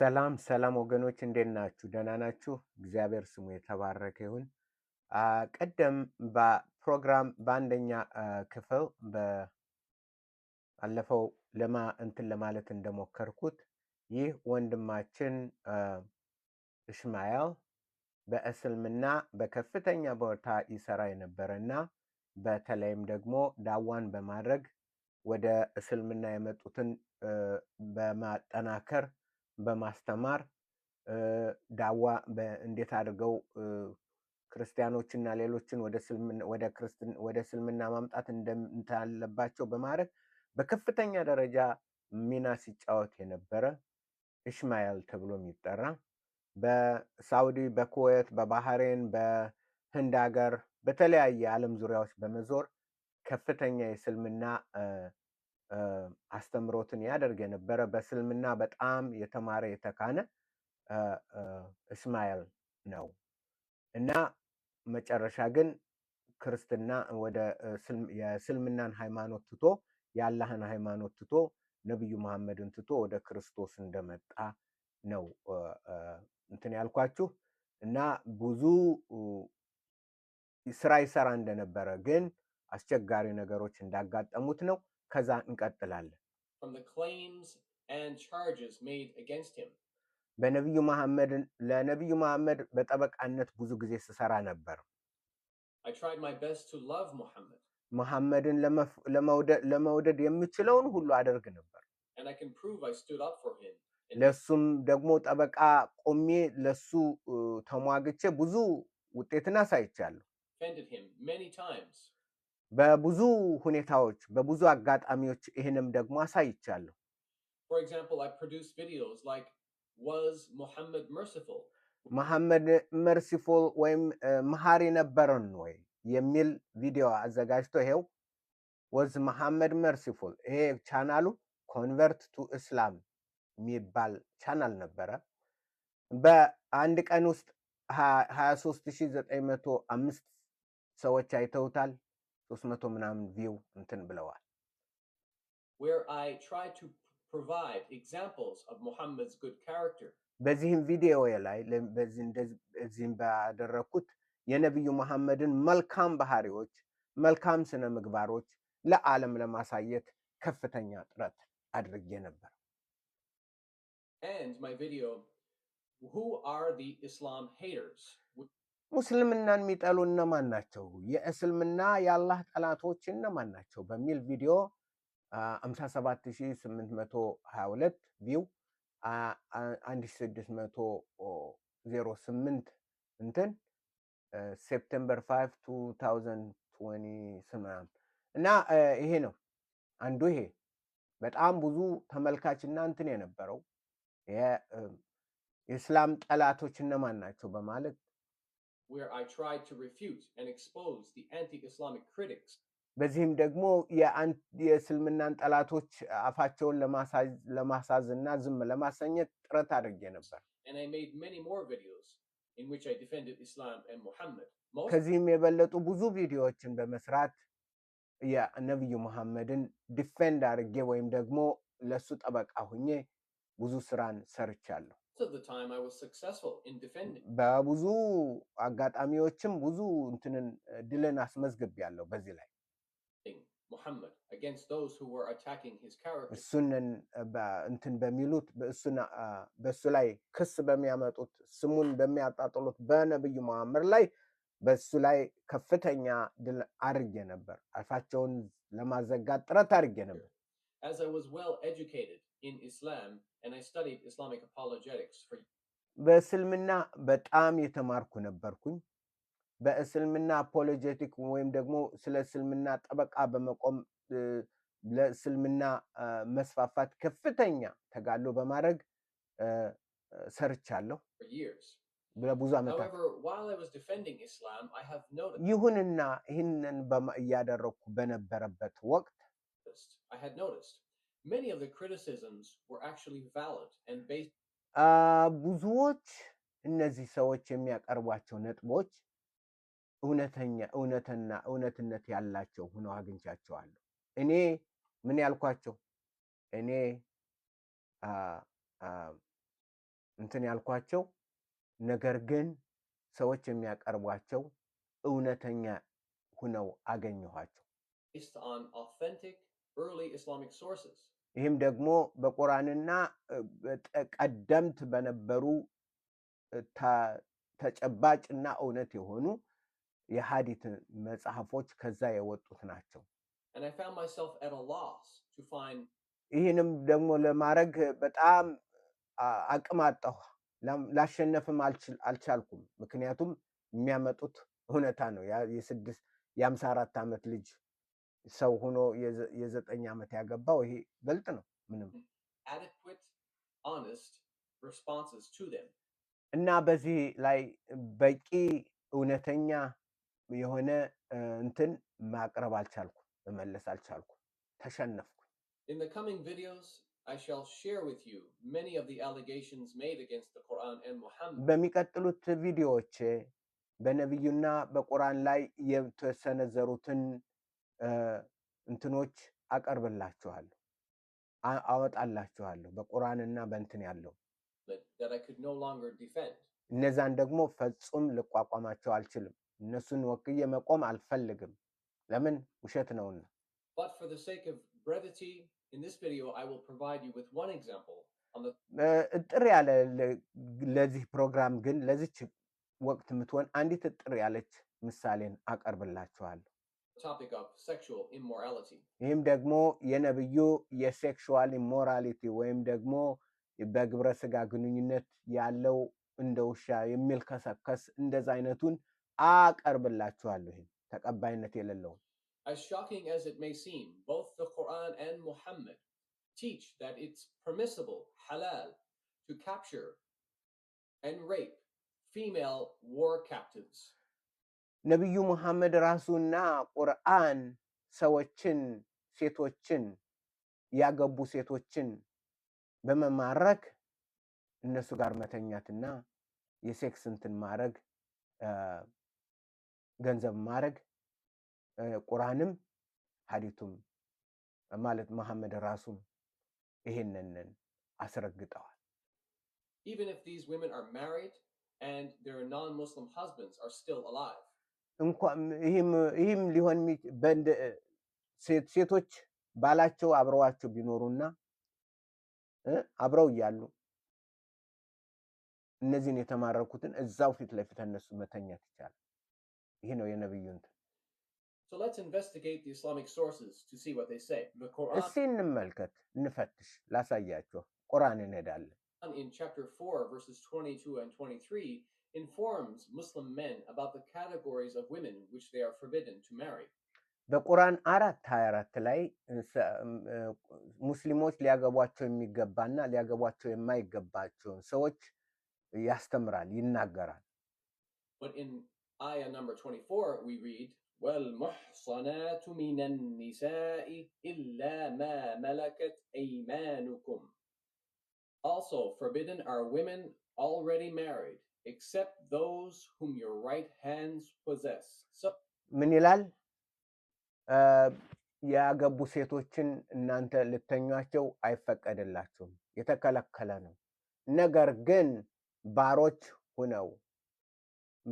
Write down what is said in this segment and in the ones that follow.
ሰላም ሰላም ወገኖች እንዴት ናችሁ? ደህና ናችሁ? እግዚአብሔር ስሙ የተባረከ ይሁን። ቀደም በፕሮግራም በአንደኛ ክፍል በአለፈው ለማ እንትን ለማለት እንደሞከርኩት ይህ ወንድማችን እሽማኤል በእስልምና በከፍተኛ ቦታ ይሰራ የነበረ እና በተለይም ደግሞ ዳዋን በማድረግ ወደ እስልምና የመጡትን በማጠናከር በማስተማር ዳዋ እንዴት አድርገው ክርስቲያኖችና ሌሎችን ወደ እስልምና ማምጣት እንዳለባቸው በማድረግ በከፍተኛ ደረጃ ሚና ሲጫወት የነበረ እሽማኤል ተብሎ የሚጠራ በሳውዲ፣ በኩዌት፣ በባህሬን፣ በህንድ ሀገር በተለያየ ዓለም ዙሪያዎች በመዞር ከፍተኛ የእስልምና አስተምሮትን ያደርግ የነበረ በእስልምና በጣም የተማረ የተካነ እስማኤል ነው እና መጨረሻ ግን ክርስትና ወደ የእስልምናን ሃይማኖት ትቶ የአላህን ሃይማኖት ትቶ ነቢዩ መሐመድን ትቶ ወደ ክርስቶስ እንደመጣ ነው እንትን ያልኳችሁ እና ብዙ ስራ ይሰራ እንደነበረ ግን አስቸጋሪ ነገሮች እንዳጋጠሙት ነው። ከዛ እንቀጥላለን። በነቢዩ መሐመድ ለነቢዩ መሐመድ በጠበቃነት ብዙ ጊዜ ስሰራ ነበር። መሐመድን ለመውደድ የምችለውን ሁሉ አደርግ ነበር። ለሱም ደግሞ ጠበቃ ቆሜ ለሱ ተሟግቼ ብዙ ውጤትን አሳይቻለሁ። በብዙ ሁኔታዎች በብዙ አጋጣሚዎች ይህንም ደግሞ አሳይቻለሁ። መሐመድ መርሲፉል ወይም መሐሪ ነበረን ወይ የሚል ቪዲዮ አዘጋጅቶ ይሄው ወዝ መሐመድ መርሲፉል ይሄ ቻናሉ ኮንቨርት ቱ እስላም የሚባል ቻናል ነበረ። በአንድ ቀን ውስጥ 23905 ሰዎች አይተውታል። ሶስት መቶ ምናምን ቪው እንትን ብለዋል። በዚህም ቪዲዮ ላይ እዚህም ባደረግኩት የነቢዩ መሐመድን መልካም ባህሪዎች፣ መልካም ስነ ምግባሮች ለዓለም ለማሳየት ከፍተኛ ጥረት አድርጌ ነበር። And my video, Who are the Islam haters? ሙስልምናን የሚጠሉ እነማን ናቸው? የእስልምና የአላህ ጠላቶች እነማን ናቸው? በሚል ቪዲዮ 57822 ቪው 1608 እንትን ሴፕቴምበር 5 2020 እና ይሄ ነው አንዱ። ይሄ በጣም ብዙ ተመልካች እና እንትን የነበረው የእስላም ጠላቶች እነማን ናቸው በማለት where I tried to refute and expose the anti-Islamic critics በዚህም ደግሞ የእስልምናን ጠላቶች አፋቸውን ለማሳዝ እና ዝም ለማሰኘት ጥረት አድርጌ ነበር። ከዚህም የበለጡ ብዙ ቪዲዮዎችን በመስራት የነቢዩ መሐመድን ዲፌንድ አድርጌ ወይም ደግሞ ለእሱ ጠበቃ ሁኜ ብዙ ስራን ሰርቻለሁ። of the time I was successful in defending. በብዙ አጋጣሚዎችም ብዙ እንትንን ድልን አስመዝግቤያለሁ በዚህ ላይ Muhammad against those who were attacking his character. እሱንን እንትን በሚሉት በእሱና በእሱ ላይ ክስ በሚያመጡት ስሙን በሚያጣጥሉት በነብዩ መሐመድ ላይ በእሱ ላይ ከፍተኛ ድል አድርጌ ነበር። አፋቸውን ለማዘጋት ጥረት አድርጌ ነበር። As I was well educated in Islam and I studied Islamic apologetics for በእስልምና በጣም የተማርኩ ነበርኩኝ። በእስልምና አፖሎጀቲክ ወይም ደግሞ ስለ እስልምና ጠበቃ በመቆም ለእስልምና መስፋፋት ከፍተኛ ተጋድሎ በማድረግ ሰርቻለሁ ለብዙ ዓመታት። ይሁንና ይህንን እያደረግኩ በነበረበት ወቅት ብዙዎች እነዚህ ሰዎች የሚያቀርቧቸው ነጥቦች እውነተኛ እውነትና እውነትነት ያላቸው ሆነው አግኝቻቸዋለሁ። እኔ ምን ያልኳቸው እኔ እንትን ያልኳቸው ነገር ግን ሰዎች የሚያቀርቧቸው እውነተኛ ሁነው አገኘኋቸው። ይህም ደግሞ በቁርአንና ቀደምት በነበሩ ተጨባጭና እውነት የሆኑ የሀዲት መጽሐፎች ከዛ የወጡት ናቸው። ይህንም ደግሞ ለማድረግ በጣም አቅም አጣሁ፣ ላሸነፍም አልቻልኩም። ምክንያቱም የሚያመጡት እውነታ ነው። የስድስት የአምሳ አራት ዓመት ልጅ ሰው ሆኖ የዘጠኝ ዓመት ያገባው ይሄ በልጥ ነው። ምንም mm-hmm. እና በዚህ ላይ በቂ እውነተኛ የሆነ እንትን ማቅረብ አልቻልኩ፣ መመለስ አልቻልኩ፣ ተሸነፍኩ። በሚቀጥሉት ቪዲዮዎች በነቢዩና በቁርአን ላይ የተሰነዘሩትን እንትኖች አቀርብላችኋለሁ፣ አወጣላችኋለሁ በቁርአንና በእንትን ያለው እነዛን ደግሞ ፈጹም ልቋቋማቸው አልችልም። እነሱን ወክዬ መቆም አልፈልግም። ለምን? ውሸት ነውና። እጥር ያለ ለዚህ ፕሮግራም ግን ለዚች ወቅት የምትሆን አንዲት እጥር ያለች ምሳሌን አቀርብላችኋለሁ። topic of sexual immorality. ይህም ደግሞ የነብዩ የሴክሹዋል ኢሞራሊቲ ወይም ደግሞ በግብረ ስጋ ግንኙነት ያለው እንደ ውሻ የሚልከሰከስ እንደዛ አይነቱን አቀርብላችኋለሁ። ይህም ተቀባይነት As shocking as it may seem, both the Quran and Muhammad teach that it's permissible, halal, to capture and rape female war captives. ነቢዩ መሐመድ ራሱና ቁርአን ሰዎችን፣ ሴቶችን ያገቡ ሴቶችን በመማረክ እነሱ ጋር መተኛትና የሴክስ እንትን ማድረግ ገንዘብ ማድረግ ቁርአንም ሀዲቱም ማለት መሐመድ ራሱም ይሄንን አስረግጠዋል። Even if these women are married and their non-Muslim husbands are still alive. ይህም ሊሆን ሴቶች ባላቸው አብረዋቸው ቢኖሩና አብረው እያሉ እነዚህን የተማረኩትን እዛው ፊት ለፊት እነሱ መተኛት ይቻላል። ይህ ነው የነብዩ እንትን። እንመልከት፣ እንፈትሽ። ላሳያቸው ቁርአን እንሄዳለን። informs Muslim men about the categories of women which they are forbidden to marry. በቁርአን አራት ሀያ አራት ላይ ሙስሊሞች ሊያገቧቸው የሚገባና ሊያገቧቸው የማይገባቸውን ሰዎች ያስተምራል፣ ይናገራል። But in ayah number 24 we read والمحصنات من النساء إلا ما ملكت أيمانكم Also forbidden are women already married except those whom your right hands possess. ምን ይላል? ያገቡ ሴቶችን እናንተ ልተኛቸው አይፈቀድላችሁም፣ የተከለከለ ነው። ነገር ግን ባሮች ሁነው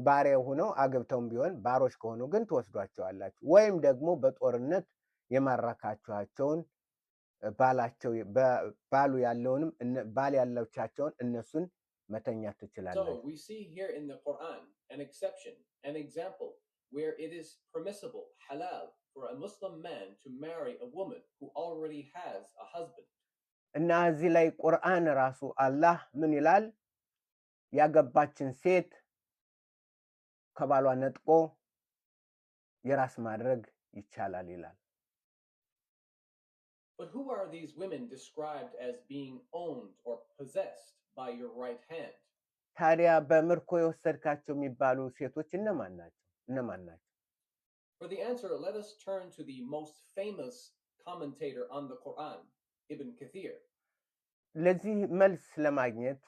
ባሬ ሁነው አግብተውም ቢሆን ባሮች ከሆኑ ግን ትወስዷቸዋላችሁ ወይም ደግሞ በጦርነት የማረካችኋቸውን ባላቸው ባሉ ያለውንም ባል ያለቻቸውን እነሱን So we see here in the Quran an exception, an example where it is permissible, halal, for a Muslim man to marry a woman who already has a husband. እና እዚህ ላይ ቁርአን ራሱ አላህ ምን ይላል? ያገባችን ሴት ከባሏ ነጥቆ የራስ ማድረግ But who are these women described as being owned or possessed? by your right hand. ታዲያ በምርኮ የወሰድካቸው የሚባሉ ሴቶች እነማን ናቸው? እነማን ናቸው? For the answer, let us turn to the most famous commentator on the Quran, Ibn Kathir. ለዚህ መልስ ለማግኘት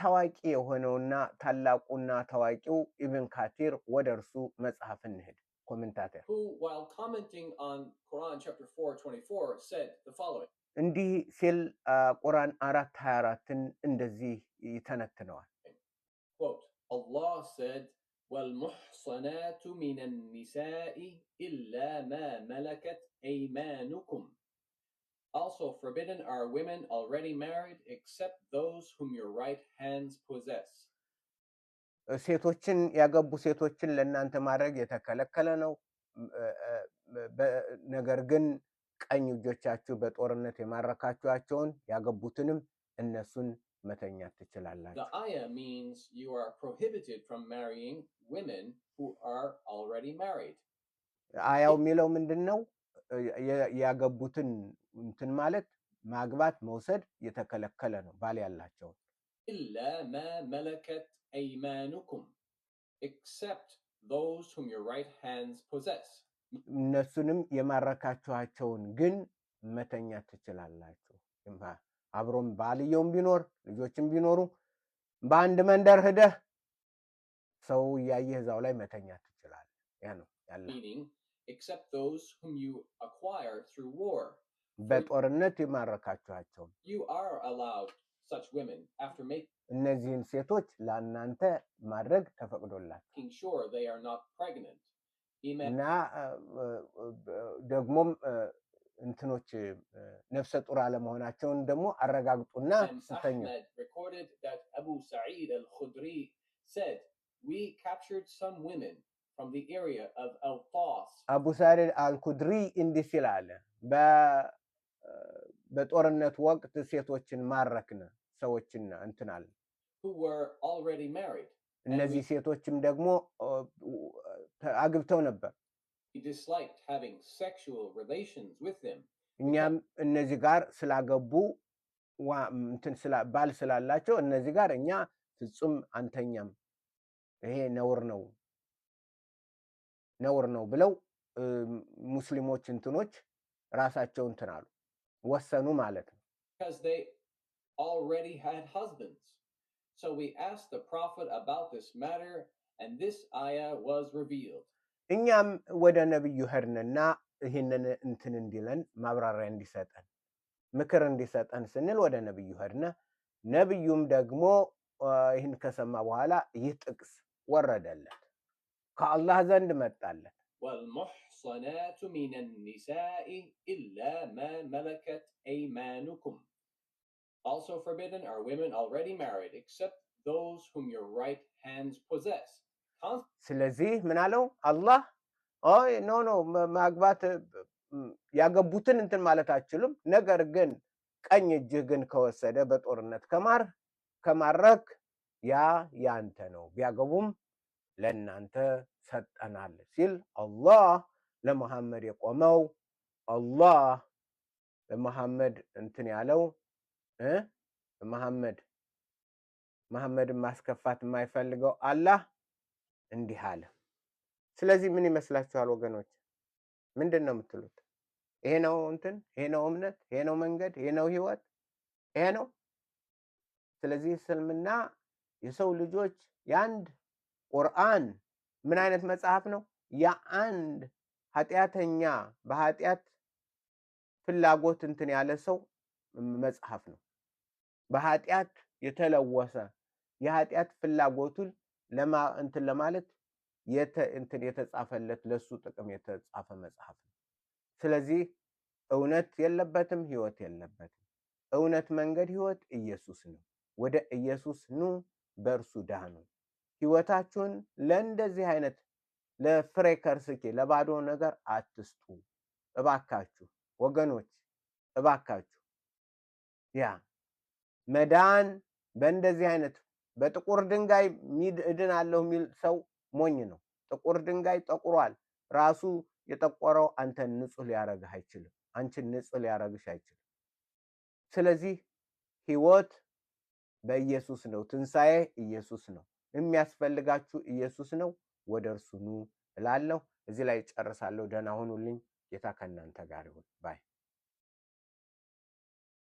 ታዋቂ የሆነውና ታላቁና ታዋቂው ኢብን ካቲር ወደ እርሱ መጽሐፍ እንሄድ። ኮሜንታተር who while commenting on Quran chapter 4 24 said the following እንዲህ ሲል ቁርአን አራት ሀያ አራትን እንደዚህ ይተነትነዋል። አላህ ሰድ ወልሙሕሰናቱ ሚነ ኒሳኢ ኢላ ማ መለከት አይማኑኩም Also forbidden are women already married except those whom your right hands possess. ሴቶችን ያገቡ ሴቶችን ለእናንተ ማድረግ የተከለከለ ነው። ነገር ግን ቀኝ እጆቻችሁ በጦርነት የማረካችኋቸውን ያገቡትንም እነሱን መተኛት ትችላላችሁ። አያው የሚለው ምንድን ነው? ያገቡትን እንትን ማለት ማግባት መውሰድ የተከለከለ ነው። ባል ያላቸው ኢላ ማ መለከት አይማኑኩም ኤክሰፕት those ሁም your right hands ፖዘስ። እነሱንም የማረካችኋቸውን ግን መተኛት ትችላላችሁ። አብሮም ባልየውም ቢኖር ልጆችም ቢኖሩ በአንድ መንደር ሂደህ ሰው እያየህ እዛው ላይ መተኛት ትችላለህ። ያ ነው ያለ በጦርነት የማረካችኋቸውን እነዚህን ሴቶች ለእናንተ ማድረግ ተፈቅዶላችሁ እና ደግሞም እንትኖች ነፍሰ ጡር አለመሆናቸውን ደግሞ አረጋግጡና ስተኙ። አቡ ሰዒድ አልኹድሪ አቡ ሰዒድ አልኩድሪ እንዲህ ሲል አለ፣ በጦርነት ወቅት ሴቶችን ማረክን ሰዎችና እንትናል እነዚህ ሴቶችም ደግሞ አግብተው ነበር። እኛም እነዚህ ጋር ስላገቡ ባል ስላላቸው እነዚህ ጋር እኛ ፍጹም አንተኛም፣ ይሄ ነውር ነው ነውር ነው ብለው ሙስሊሞች እንትኖች ራሳቸው እንትን አሉ ወሰኑ ማለት ነው። And this ayah was revealed. እኛም ወደ ነቢዩ ሄድንና ይህንን እንትን እንዲለን ማብራሪያ እንዲሰጠን ምክር እንዲሰጠን ስንል ወደ ነቢዩ ሄድነ። ነቢዩም ደግሞ ይህን ከሰማ በኋላ ይህ ጥቅስ Also forbidden are women already married, except those whom your right hands possess. ስለዚህ ምን አለው አላህ ኖ ኖ ማግባት ያገቡትን እንትን ማለት አችሉም። ነገር ግን ቀኝ እጅህ ግን ከወሰደ በጦርነት ከማር ከማረክ ያ ያንተ ነው፣ ቢያገቡም ለእናንተ ሰጠናል ሲል አላህ ለመሐመድ የቆመው አላህ ለመሐመድ እንትን ያለው መሐመድ መሐመድን ማስከፋት የማይፈልገው አላህ እንዲህ አለ። ስለዚህ ምን ይመስላችኋል ወገኖች? ምንድን ነው የምትሉት? ይሄ ነው እንትን፣ ይሄ ነው እምነት፣ ይሄ ነው መንገድ፣ ይሄ ነው ህይወት፣ ይሄ ነው። ስለዚህ እስልምና የሰው ልጆች የአንድ ቁርአን ምን አይነት መጽሐፍ ነው? የአንድ ኃጢአተኛ በኃጢአት ፍላጎት እንትን ያለ ሰው መጽሐፍ ነው። በኃጢአት የተለወሰ የኃጢአት ፍላጎቱን ለማ እንትን ለማለት የተ እንትን የተጻፈለት ለሱ ጥቅም የተጻፈ መጽሐፍ ነው። ስለዚህ እውነት የለበትም፣ ህይወት የለበትም። እውነት፣ መንገድ፣ ህይወት ኢየሱስ ነው። ወደ ኢየሱስ ኑ፣ በእርሱ ዳኑ። ህይወታችሁን ለእንደዚህ አይነት ለፍሬ ከርስኬ ለባዶ ነገር አትስጡ። እባካችሁ ወገኖች፣ እባካችሁ ያ መዳን በእንደዚህ አይነት በጥቁር ድንጋይ እድናለሁ የሚል ሰው ሞኝ ነው። ጥቁር ድንጋይ ጠቁሯል። ራሱ የጠቆረው አንተን ንጹህ ሊያረግህ አይችልም። አንቺን ንጹህ ሊያረግሽ አይችልም። ስለዚህ ህይወት በኢየሱስ ነው። ትንሣኤ ኢየሱስ ነው። የሚያስፈልጋችሁ ኢየሱስ ነው። ወደ እርሱ ኑ እላለሁ። እዚህ ላይ ጨርሳለሁ። ደህና ሁኑልኝ። ጌታ ከእናንተ ጋር ይሁን ባይ